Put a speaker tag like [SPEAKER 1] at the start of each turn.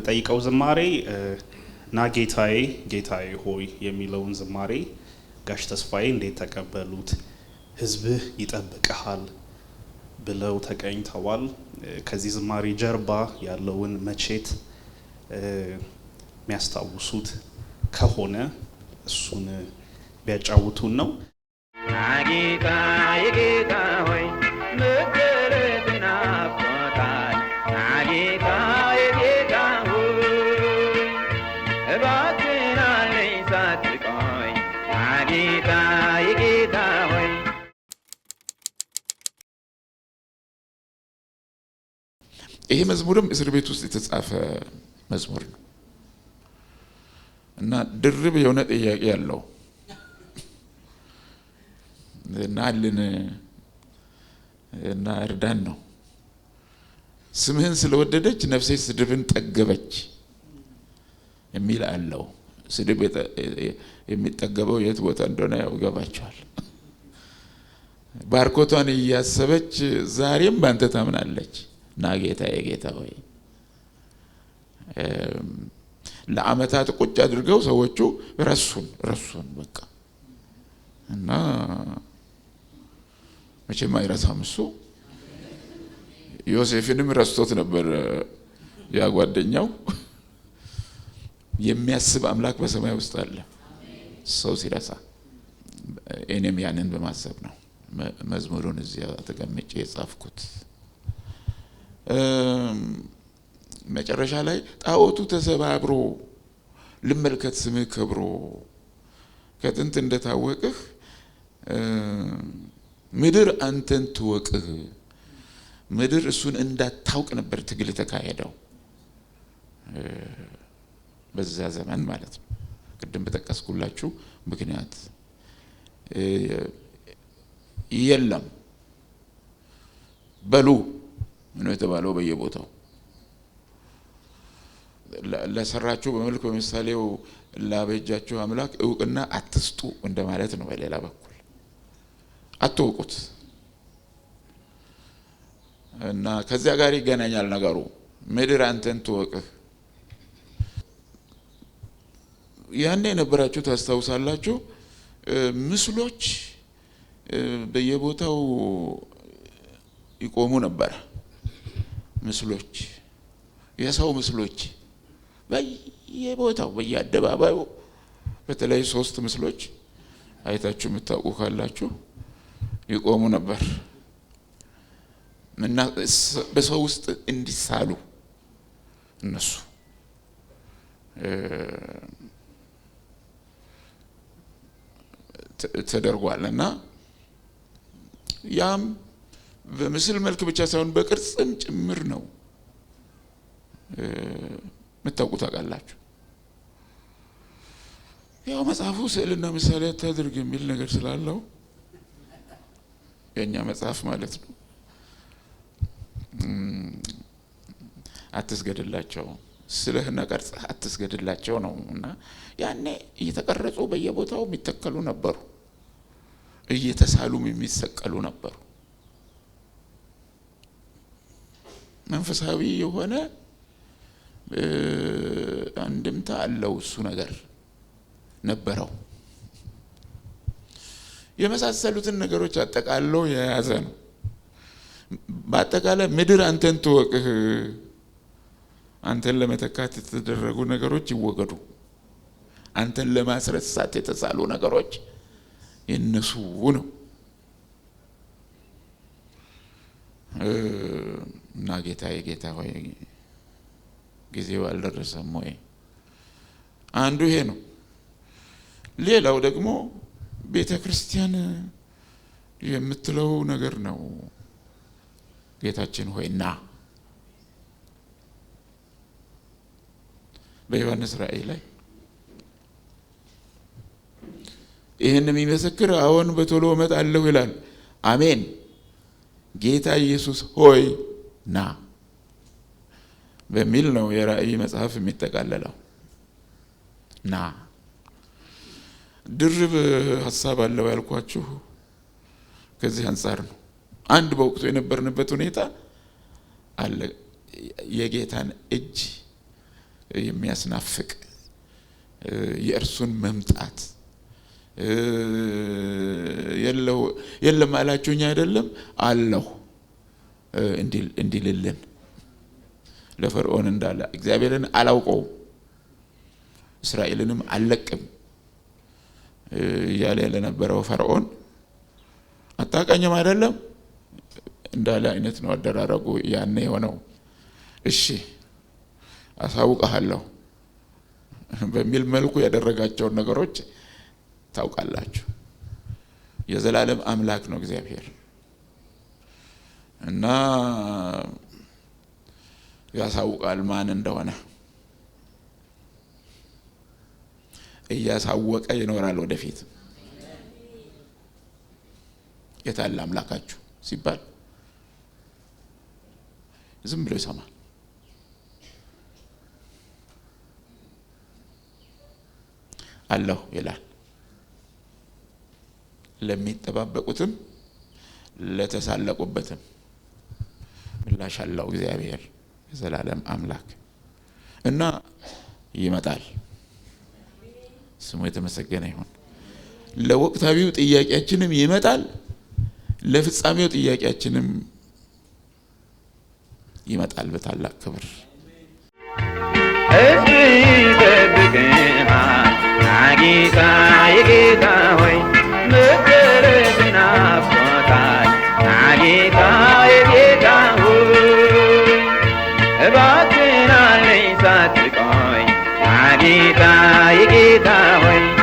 [SPEAKER 1] የምጠይቀው ዝማሬ ና ጌታዬ ጌታዬ ሆይ የሚለውን ዝማሬ ጋሽ ተስፋዬ እንዴት ተቀበሉት? ህዝብህ ይጠብቀሃል ብለው ተቀኝተዋል። ከዚህ ዝማሬ ጀርባ ያለውን መቼት የሚያስታውሱት ከሆነ እሱን ቢያጫውቱን ነው። ጌታ የጌታ ሆይ
[SPEAKER 2] ይሄ መዝሙርም እስር ቤት ውስጥ የተጻፈ መዝሙር ነው እና ድርብ የሆነ ጥያቄ ያለው ናልን እና እርዳን ነው። ስምህን ስለወደደች ነፍሴ ስድብን ጠገበች የሚል አለው። ስድብ የሚጠገበው የት ቦታ እንደሆነ ያው ባርኮቷን እያሰበች ዛሬም ባንተ ታምናለች። ና ጌታ የጌታ ሆይ ለአመታት ቁጭ አድርገው ሰዎቹ ረሱን ረሱን በቃ እና መቼም አይረሳም እሱ ዮሴፍንም ረስቶት ነበር ያ ጓደኛው የሚያስብ አምላክ በሰማይ ውስጥ አለ ሰው ሲረሳ እኔም ያንን በማሰብ ነው መዝሙሩን እዚያ ተቀምጬ የጻፍኩት መጨረሻ ላይ ጣዖቱ ተሰባብሮ ልመልከት ስምህ ከብሮ ከጥንት እንደታወቅህ ምድር አንተን ትወቅህ። ምድር እሱን እንዳታውቅ ነበር ትግል የተካሄደው በዛ ዘመን ማለት ነው። ቅድም በጠቀስኩላችሁ ምክንያት የለም በሉ ነው የተባለው በየቦታው ለሰራችሁ በመልክ በምሳሌው ላበጃችሁ አምላክ እውቅና አትስጡ እንደማለት ነው። በሌላ በኩል አትውቁት እና ከዚያ ጋር ይገናኛል ነገሩ። ምድር አንተን ትወቅህ። ያኔ የነበራችሁ ታስታውሳላችሁ። ምስሎች በየቦታው ይቆሙ ነበር። ምስሎች፣ የሰው ምስሎች በየቦታው በየአደባባዩ በተለይ ሶስት ምስሎች አይታችሁ የምታውቁ ካላችሁ ይቆሙ ነበር እና በሰው ውስጥ እንዲሳሉ እነሱ ተደርጓል እና ያም በምስል መልክ ብቻ ሳይሆን በቅርጽም ጭምር ነው የምታውቁት አውቃላችሁ ያው መጽሐፉ ስዕልና ምሳሌ አታድርግ የሚል ነገር ስላለው የእኛ መጽሐፍ ማለት ነው። አትስገድላቸው ስልህና ቀርጽህ አትስገድላቸው ነው እና ያኔ እየተቀረጹ በየቦታው የሚተከሉ ነበሩ፣ እየተሳሉም የሚሰቀሉ ነበሩ። መንፈሳዊ የሆነ አንድምታ አለው። እሱ ነገር ነበረው። የመሳሰሉትን ነገሮች አጠቃለው የያዘ ነው። በአጠቃላይ ምድር አንተን ትወቅህ፣ አንተን ለመተካት የተደረጉ ነገሮች ይወገዱ፣ አንተን ለማስረሳት የተሳሉ ነገሮች የነሱ ነው። እና ጌታዬ ጌታ ሆይ ጊዜው አልደረሰም ወይ? አንዱ ይሄ ነው። ሌላው ደግሞ ቤተ ክርስቲያን የምትለው ነገር ነው። ጌታችን ሆይ ና በዮሐንስ ራእይ ላይ ይህን የሚመሰክር አሁን በቶሎ እመጣለሁ ይላል። አሜን። ጌታ ኢየሱስ ሆይ ና በሚል ነው የራእይ መጽሐፍ የሚጠቃለለው። ና ድርብ ሀሳብ አለው ያልኳችሁ ከዚህ አንጻር ነው። አንድ በወቅቱ የነበርንበት ሁኔታ አለ። የጌታን እጅ የሚያስናፍቅ የእርሱን መምጣት የለው የለም አላችሁኝ አይደለም አለሁ እንዲልልን ለፈርዖን እንዳለ እግዚአብሔርን አላውቀው እስራኤልንም አልለቅም እያለ ለነበረው ፈርዖን አታቃኝም አይደለም እንዳለ አይነት ነው አደራረጉ ያኔ የሆነው። እሺ አሳውቀሃለሁ በሚል መልኩ ያደረጋቸውን ነገሮች ታውቃላችሁ። የዘላለም አምላክ ነው እግዚአብሔር። እና ያሳውቃል ማን እንደሆነ እያሳወቀ ይኖራል። ወደፊት የታለ አምላካችሁ ሲባል ዝም ብሎ ይሰማል። አለሁ ይላል። ለሚጠባበቁትም ለተሳለቁበትም ምላሽ አለው እግዚአብሔር የዘላለም አምላክ እና ይመጣል። ስሙ የተመሰገነ ይሁን። ለወቅታዊው ጥያቄያችንም ይመጣል፣ ለፍጻሜው ጥያቄያችንም ይመጣል በታላቅ ክብር साथ गई आगे गाई गी